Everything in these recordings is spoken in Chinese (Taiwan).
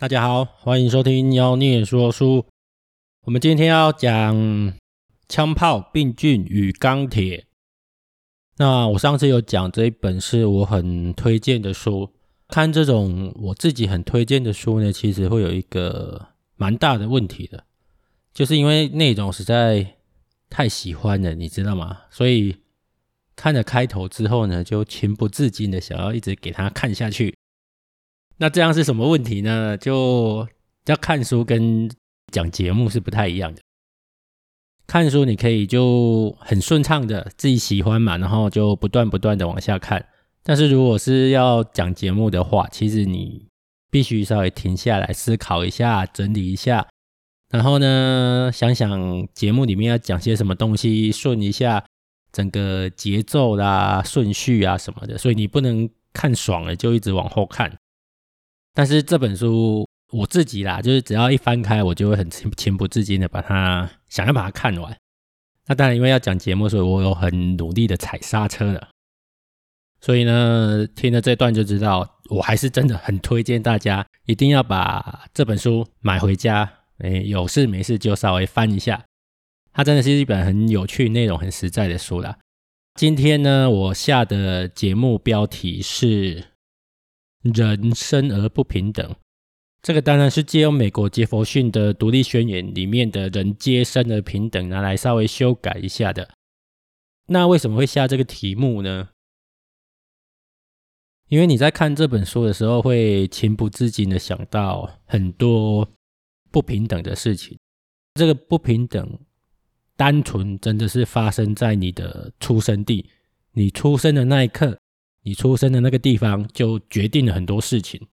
大家好，歡迎收聽妖孽說書。我們今天要講槍炮、病菌與鋼鐵。那我上次有講這一本是我很推薦的書。看這種我自己很推薦的書呢，其實會有一個蠻大的問題的，就是因為那種實在太喜歡了，你知道嗎？所以看了開頭之後呢，就情不自禁的想要一直給他看下去。那這樣是什麼問題呢？就要看書跟講節目是不太一樣的。看書你可以就很順暢的自己喜歡嘛，然後就不斷不斷的往下看。但是如果是要講節目的話，其實你必須稍微停下來思考一下，整理一下，然後呢，想想節目裡面要講些什麼東西，順一下整個節奏啦、順序啊什麼的。所以你不能看爽了就一直往後看。但是這本書我自己啦，就是只要一翻開，我就會很情情不自禁的把它想要把它看完。那當然，因為要講節目，所以我有很努力的踩剎車了。所以呢，聽了這段就知道，我還是真的很推薦大家一定要把這本書買回家。誒，有事沒事就稍微翻一下，它真的是一本很有趣、內容很實在的書啦。今天呢，我下的節目標題是，人生而不平等，這個當然是借用美國傑佛遜的《獨立宣言》裡面的人皆生而平等拿來稍微修改一下的。那為什麼會下這個題目呢？因為你在看這本書的時候，會情不自禁地想到很多不平等的事情。這個不平等，單純真的是發生在你的出生地，你出生的那一刻。你出生的那個地方就決定了很多事情。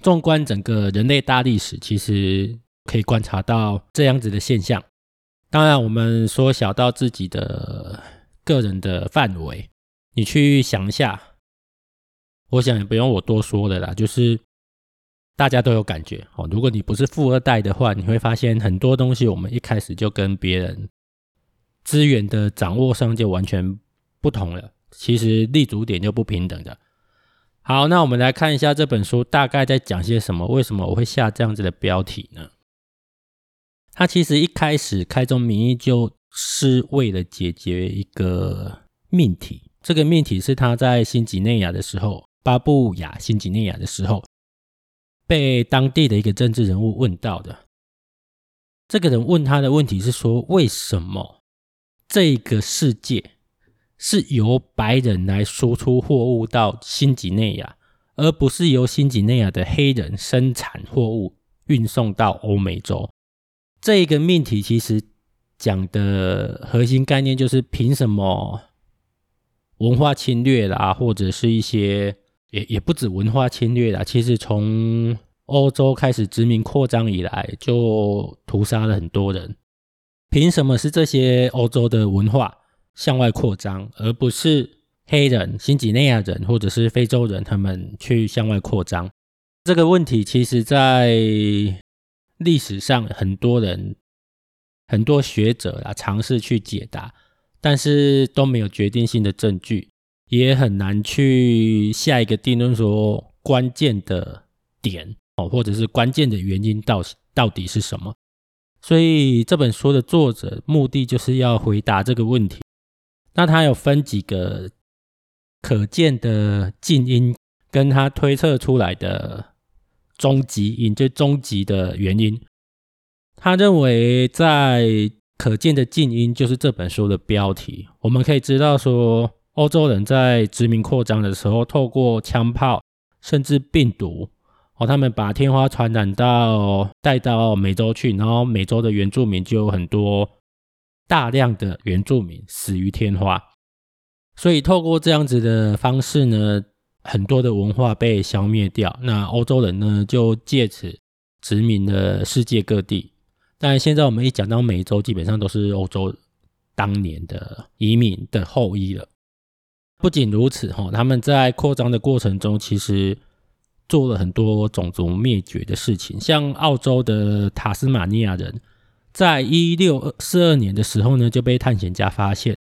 縱觀整個人類大歷史，其實可以觀察到這樣子的現象。當然，我們縮小到自己的個人的範圍，你去想一下，我想也不用我多說了啦，就是大家都有感覺哦。如果你不是富二代的話，你會發現很多東西，我們一開始就跟別人資源的掌握上就完全不同了。其實立足點就不平等的。好，那我們來看一下這本書大概在講些什麼。為什麼我會下這樣子的標題呢？他其實一開始開宗明義，就是為了解決一個命題。這個命題是他在新幾內亞的時候，巴布亞新幾內亞的時候，被當地的一個政治人物問到的。這個人問他的問題是說：為什麼這個世界？是由白人來輸出貨物到新幾內亞，而不是由新幾內亞的黑人生產貨物運送到歐美洲。這一個命題其實講的核心概念就是：憑什麼文化侵略啦，或者是一些，也也不止文化侵略啦。其實從歐洲開始殖民擴張以來，就屠殺了很多人。憑什麼是這些歐洲的文化？向外擴張，而不是黑人、新幾內亞人或者是非洲人，他們去向外擴張。這個問題其實，在歷史上很多人、很多學者啊，嘗試去解答，但是都沒有決定性的證據，也很難去下一個定論，說關鍵的點哦，或者是關鍵的原因到到底是什麼。所以這本書的作者目的就是要回答這個問題。那他有分幾個可見的近因，跟他推測出來的終極因，就是、終極的原因。他認為在可見的近因就是這本書的標題。我們可以知道說，歐洲人在殖民擴張的時候，透過槍炮甚至病毒，哦，他們把天花傳染到帶到美洲去，然後美洲的原住民就有很多。大量的原住民死於天花，所以透過這樣子的方式呢，很多的文化被消滅掉。那歐洲人呢，就借此殖民了世界各地。但現在我們一講到美洲，基本上都是歐洲當年的移民的後裔了。不僅如此，吼，他們在擴張的過程中，其實做了很多種族滅絕的事情，像澳洲的塔斯馬尼亞人。在一六四二年的時候呢，就被探險家發現；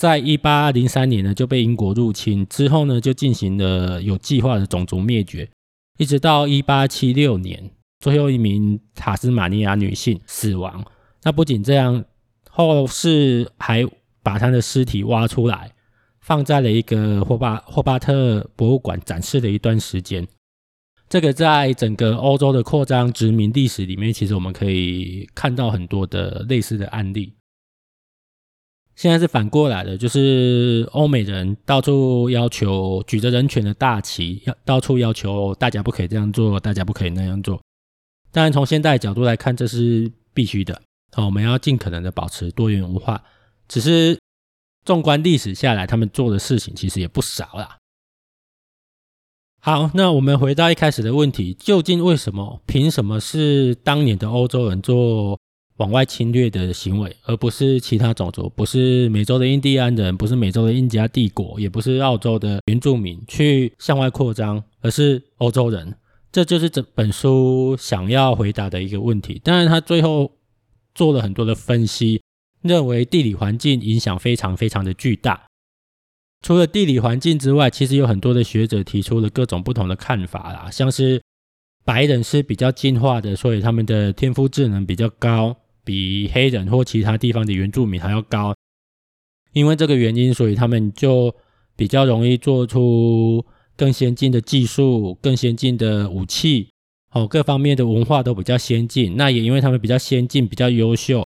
在一八零三年呢，就被英國入侵，之後呢，就進行了有計劃的種族滅絕，一直到一八七六年，最後一名塔斯馬尼亞女性死亡。那不僅這樣，後世還把她的屍體挖出來，放在了一個霍巴霍巴特博物館展示了一段時間。這個在整個歐洲的擴張殖民歷史裡面，其實我們可以看到很多的類似的案例。現在是反過來的，就是歐美人到處要求舉着人權的大旗，要到處要求大家不可以這樣做，大家不可以那樣做。當然，從現代的角度來看，這是必須的。我們要盡可能的保持多元文化。只是縱觀歷史下來，他們做的事情其實也不少啦。好，那我們回到一開始的問題，究竟為什麼，憑什麼是當年的歐洲人做往外侵略的行為，而不是其他種族，不是美洲的印第安人，不是美洲的印加帝國，也不是澳洲的原住民去向外擴張，而是歐洲人？這就是這本書想要回答的一個問題。當然，他最後做了很多的分析，認為地理環境影響非常非常的巨大。除了地理環境之外，其實有很多的學者提出了各種不同的看法啦，像是白人是比較進化的，所以他們的天賦智能比較高，比黑人或其他地方的原住民還要高。因為這個原因，所以他們就比較容易做出更先進的技術、更先進的武器，哦，各方面的文化都比較先進。那也因為他們比較先進、比較優秀，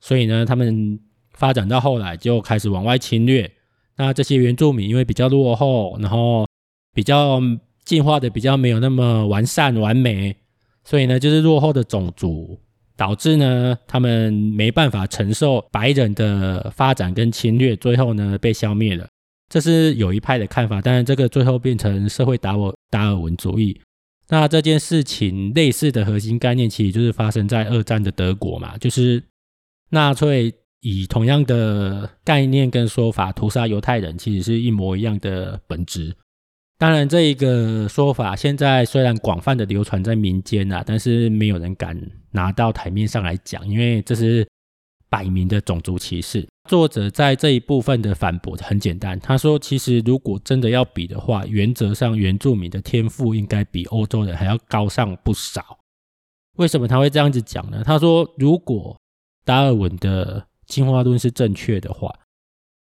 所以呢，他們發展到後來就開始往外侵略。那這些原住民因為比較落後，然後比較進化的比較沒有那麼完善完美，所以呢就是落後的種族，導致呢他們沒辦法承受白人的發展跟侵略，最後呢被消滅了。這是有一派的看法，但是這個最後變成社會達爾達爾文主義。那這件事情類似的核心概念，其實就是發生在二戰的德國嘛，就是納粹。以同樣的概念跟說法屠殺猶太人，其實是一模一樣的本質。當然，這一個說法現在雖然廣泛的流傳在民間啊，但是沒有人敢拿到台面上來講，因為這是擺明的種族歧視。作者在這一部分的反駁很簡單，他說：“其實如果真的要比的話，原則上原住民的天賦應該比歐洲人還要高上不少。”為什麼他會這樣子講呢？他說：如果達爾文的進化論是正確的話，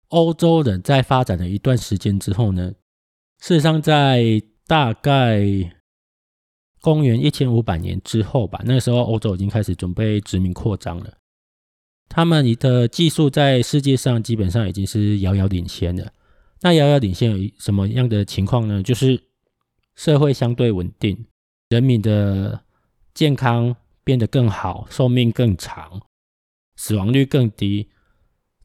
歐洲人在發展了一段時間之後呢，事實上在大概公元一千五百年之後吧，那個時候歐洲已經開始準備殖民擴張了。他們的技術在世界上基本上已經是遙遙領先了，那遙遙領先有什麼樣的情況呢？就是社會相對穩定，人民的健康變得更好，壽命更長。死亡率更低，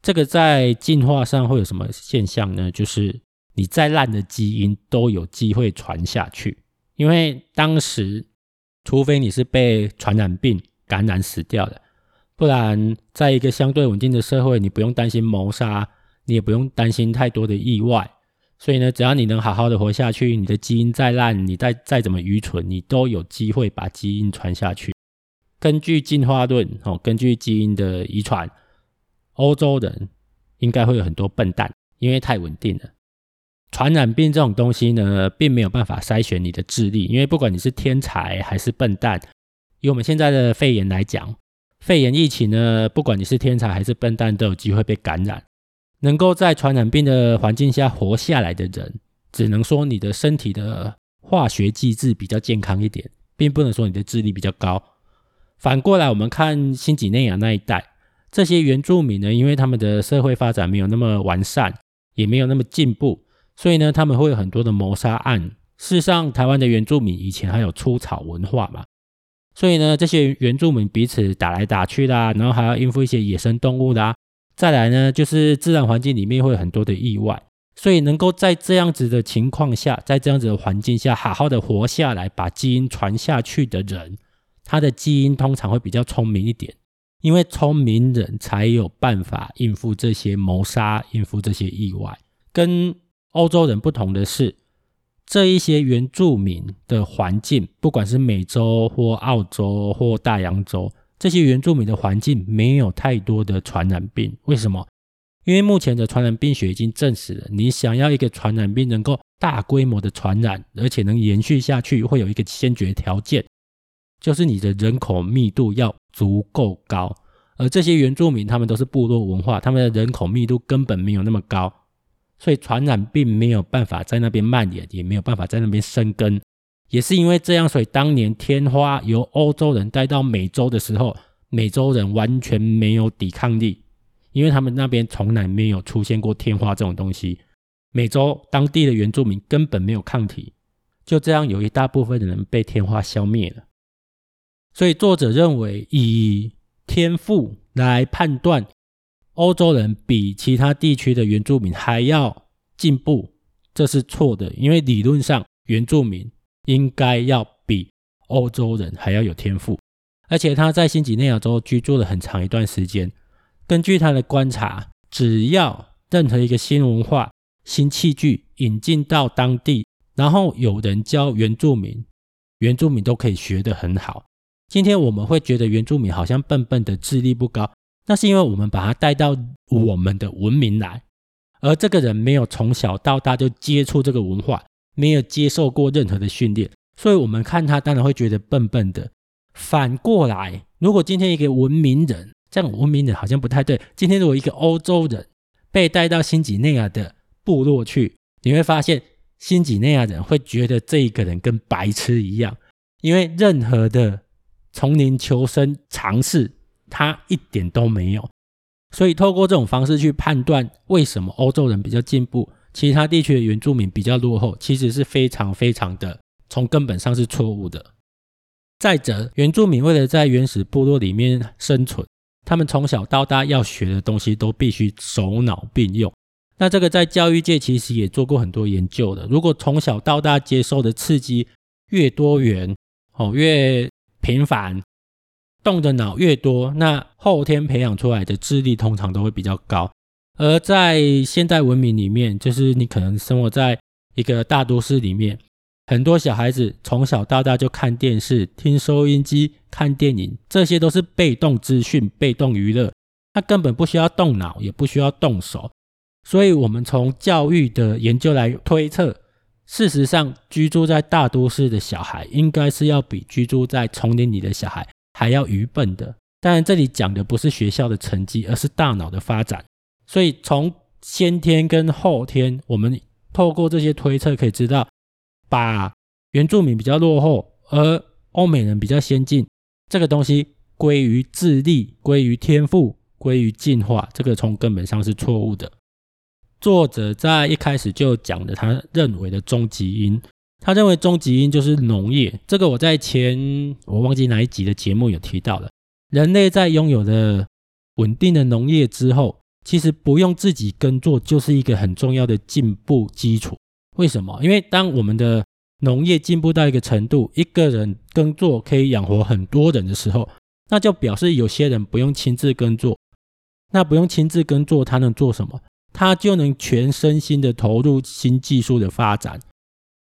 這個在進化上會有什麼現象呢？就是你再爛的基因都有機會傳下去，因為當時除非你是被傳染病感染死掉的，不然在一個相對穩定的社會，你不用擔心謀殺，你也不用擔心太多的意外，所以呢，只要你能好好的活下去，你的基因再爛，你再再怎麼愚蠢，你都有機會把基因傳下去。根據進化論哦，根據基因的遺傳，歐洲人應該會有很多笨蛋，因為太穩定了。傳染病這種東西呢，並沒有辦法篩選你的智力，因為不管你是天才還是笨蛋，以我們現在的肺炎來講，肺炎疫情呢，不管你是天才還是笨蛋，都有機會被感染。能夠在傳染病的環境下活下來的人，只能說你的身體的化學機制比較健康一點，並不能說你的智力比較高。反過來，我們看新幾內亞那一帶，這些原住民呢，因為他們的社會發展沒有那麼完善，也沒有那麼進步，所以呢，他們會有很多的謀殺案。事實上，台灣的原住民以前還有出草文化嘛，所以呢，這些原住民彼此打來打去啦，然後還要應付一些野生動物啦。再來呢，就是自然環境裡面會有很多的意外，所以能夠在這樣子的情況下，在這樣子的環境下好好的活下來，把基因傳下去的人。他的基因通常會比較聰明一點，因為聰明人才有辦法應付這些謀殺、應付這些意外。跟歐洲人不同的是，這一些原住民的環境，不管是美洲或澳洲或大洋洲，這些原住民的環境沒有太多的傳染病。為什麼？因為目前的傳染病學已經證實了，你想要一個傳染病能夠大規模的傳染，而且能延續下去，會有一個先決條件。就是你的人口密度要足夠高，而這些原住民他們都是部落文化，他們的人口密度根本沒有那麼高，所以傳染病沒有辦法在那邊蔓延，也沒有辦法在那邊生根。也是因為這樣，所以當年天花由歐洲人帶到美洲的時候，美洲人完全沒有抵抗力，因為他們那邊從來沒有出現過天花這種東西，美洲當地的原住民根本沒有抗體，就這樣有一大部分的人被天花消滅了。所以，作者認為以天賦來判斷，歐洲人比其他地區的原住民還要進步，這是錯的。因為理論上，原住民應該要比歐洲人還要有天賦。而且，他在新幾內亞州居住了很長一段時間，根據他的觀察，只要任何一個新文化、新器具引進到當地，然後有人教原住民，原住民都可以學得很好。今天我們會覺得原住民好像笨笨的，智力不高，那是因為我們把他帶到我們的文明來，而這個人沒有從小到大就接觸這個文化，沒有接受過任何的訓練，所以我們看他當然會覺得笨笨的。反過來，如果今天一個文明人，這樣文明人好像不太對。今天如果一個歐洲人被帶到新幾內亞的部落去，你會發現新幾內亞人會覺得這一個人跟白痴一樣，因為任何的。叢林求生嘗試，他一點都沒有，所以透過這種方式去判斷為什麼歐洲人比較進步，其他地區的原住民比較落後，其實是非常非常的從根本上是錯誤的。再者，原住民為了在原始部落裡面生存，他們從小到大要學的東西都必須手腦並用。那這個在教育界其實也做過很多研究的，如果從小到大接受的刺激越多元，哦越頻繁動的腦越多，那後天培養出來的智力通常都會比較高。而在現代文明裡面，就是你可能生活在一個大都市裡面，很多小孩子從小到大就看電視、聽收音機、看電影，這些都是被動資訊、被動娛樂，他根本不需要動腦，也不需要動手。所以，我們從教育的研究來推測。事實上，居住在大都市的小孩應該是要比居住在叢林裡的小孩還要愚笨的。當然，這裡講的不是學校的成績，而是大腦的發展。所以，從先天跟後天，我們透過這些推測可以知道，把原住民比較落後，而歐美人比較先進，這個東西歸於智力、歸於天賦、歸於進化，這個從根本上是錯誤的。作者在一開始就講了他認為的終極因，他認為終極因就是農業。這個我在前我忘記哪一集的節目有提到了，人類在擁有了穩定的農業之後，其實不用自己耕作就是一個很重要的進步基礎。為什麼？因為當我們的農業進步到一個程度，一個人耕作可以養活很多人的時候，那就表示有些人不用親自耕作。那不用親自耕作，他能做什麼？他就能全身心的投入新技術的發展，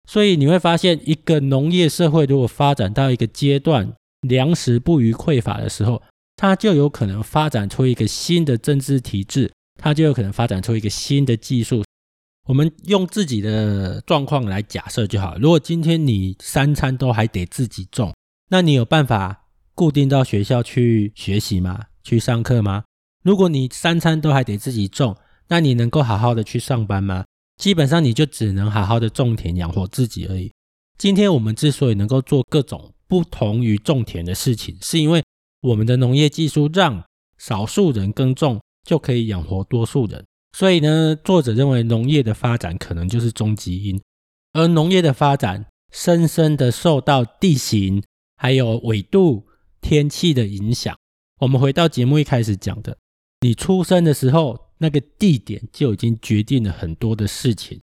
所以你會發現，一個農業社會如果發展到一個階段，糧食不虞匱乏的時候，它就有可能發展出一個新的政治體制，它就有可能發展出一個新的技術。我們用自己的狀況來假設就好。如果今天你三餐都還得自己種，那你有辦法固定到學校去學習嗎？去上課嗎？如果你三餐都還得自己種，那你能夠好好的去上班嗎？基本上你就只能好好的種田養活自己而已。今天我們之所以能夠做各種不同於種田的事情，是因為我們的農業技術讓少數人耕種就可以養活多數人。所以呢，作者認為農業的發展可能就是終極因，而農業的發展深深的受到地形、還有緯度、天氣的影響。我們回到節目一開始講的，你出生的時候，那個地點就已經決定了很多的事情。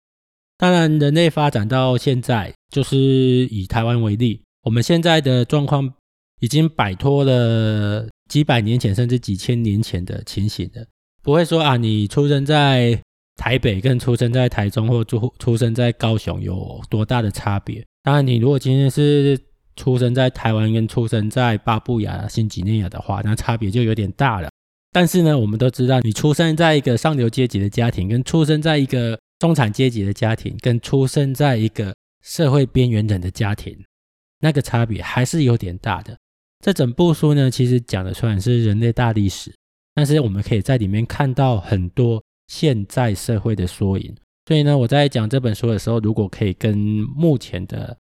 當然，人類發展到現在，就是以台灣為例，我們現在的狀況已經擺脫了幾百年前甚至幾千年前的情形了。不會說啊，你出生在台北跟出生在台中或出出生在高雄有多大的差別？當然，你如果今天是出生在台灣跟出生在巴布亞新幾內亞的話，那差別就有點大了。但是呢，我們都知道，你出生在一個上流階級的家庭，跟出生在一個中產階級的家庭，跟出生在一個社會邊緣人的家庭，那個差別還是有點大的。這整部書呢，其實講的雖然是人類大歷史，但是我們可以在裡面看到很多現在社會的縮影。所以呢，我在講這本書的時候，如果可以跟目前的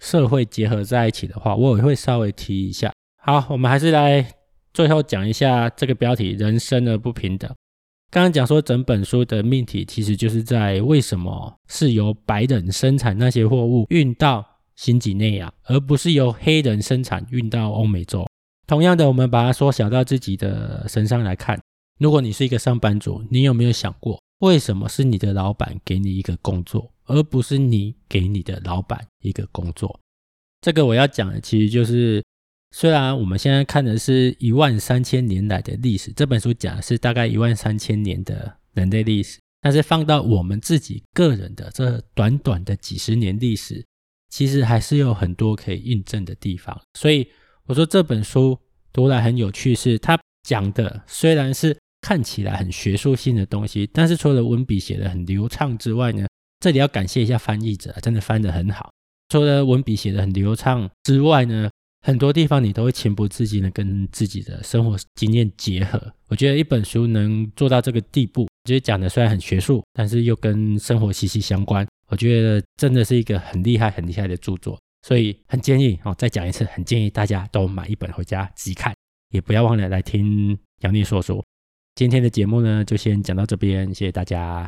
社會結合在一起的話，我也會稍微提一下。好，我們還是來。最後講一下這個標題：人生而不平等。剛剛講說，整本書的命題其實就是在為什麼是由白人生產那些貨物運到新幾內亞，而不是由黑人生產運到歐美洲？同樣的，我們把它縮小到自己的身上來看，如果你是一個上班族，你有沒有想過，為什麼是你的老闆給你一個工作，而不是你給你的老闆一個工作？這個我要講的，其實就是。雖然我們現在看的是一萬三千年來的歷史，這本書講的是大概一萬三千年的人類歷史，但是放到我們自己個人的這短短的幾十年歷史，其實還是有很多可以印證的地方。所以我說這本書讀來很有趣是，是它講的雖然是看起來很學術性的東西，但是除了文筆寫得很流暢之外呢，這裡要感謝一下翻譯者，真的翻得很好。除了文筆寫得很流暢之外呢。很多地方你都會情不自禁的跟自己的生活經驗結合。我覺得一本書能做到這個地步，覺、就是、得講的雖然很學術，但是又跟生活息息相關。我覺得真的是一個很厲害、很厲害的著作，所以很建議哦，再講一次，很建議大家都買一本回家自己看，也不要忘了來聽妖孽說書。今天的節目呢，就先講到這邊，謝謝大家。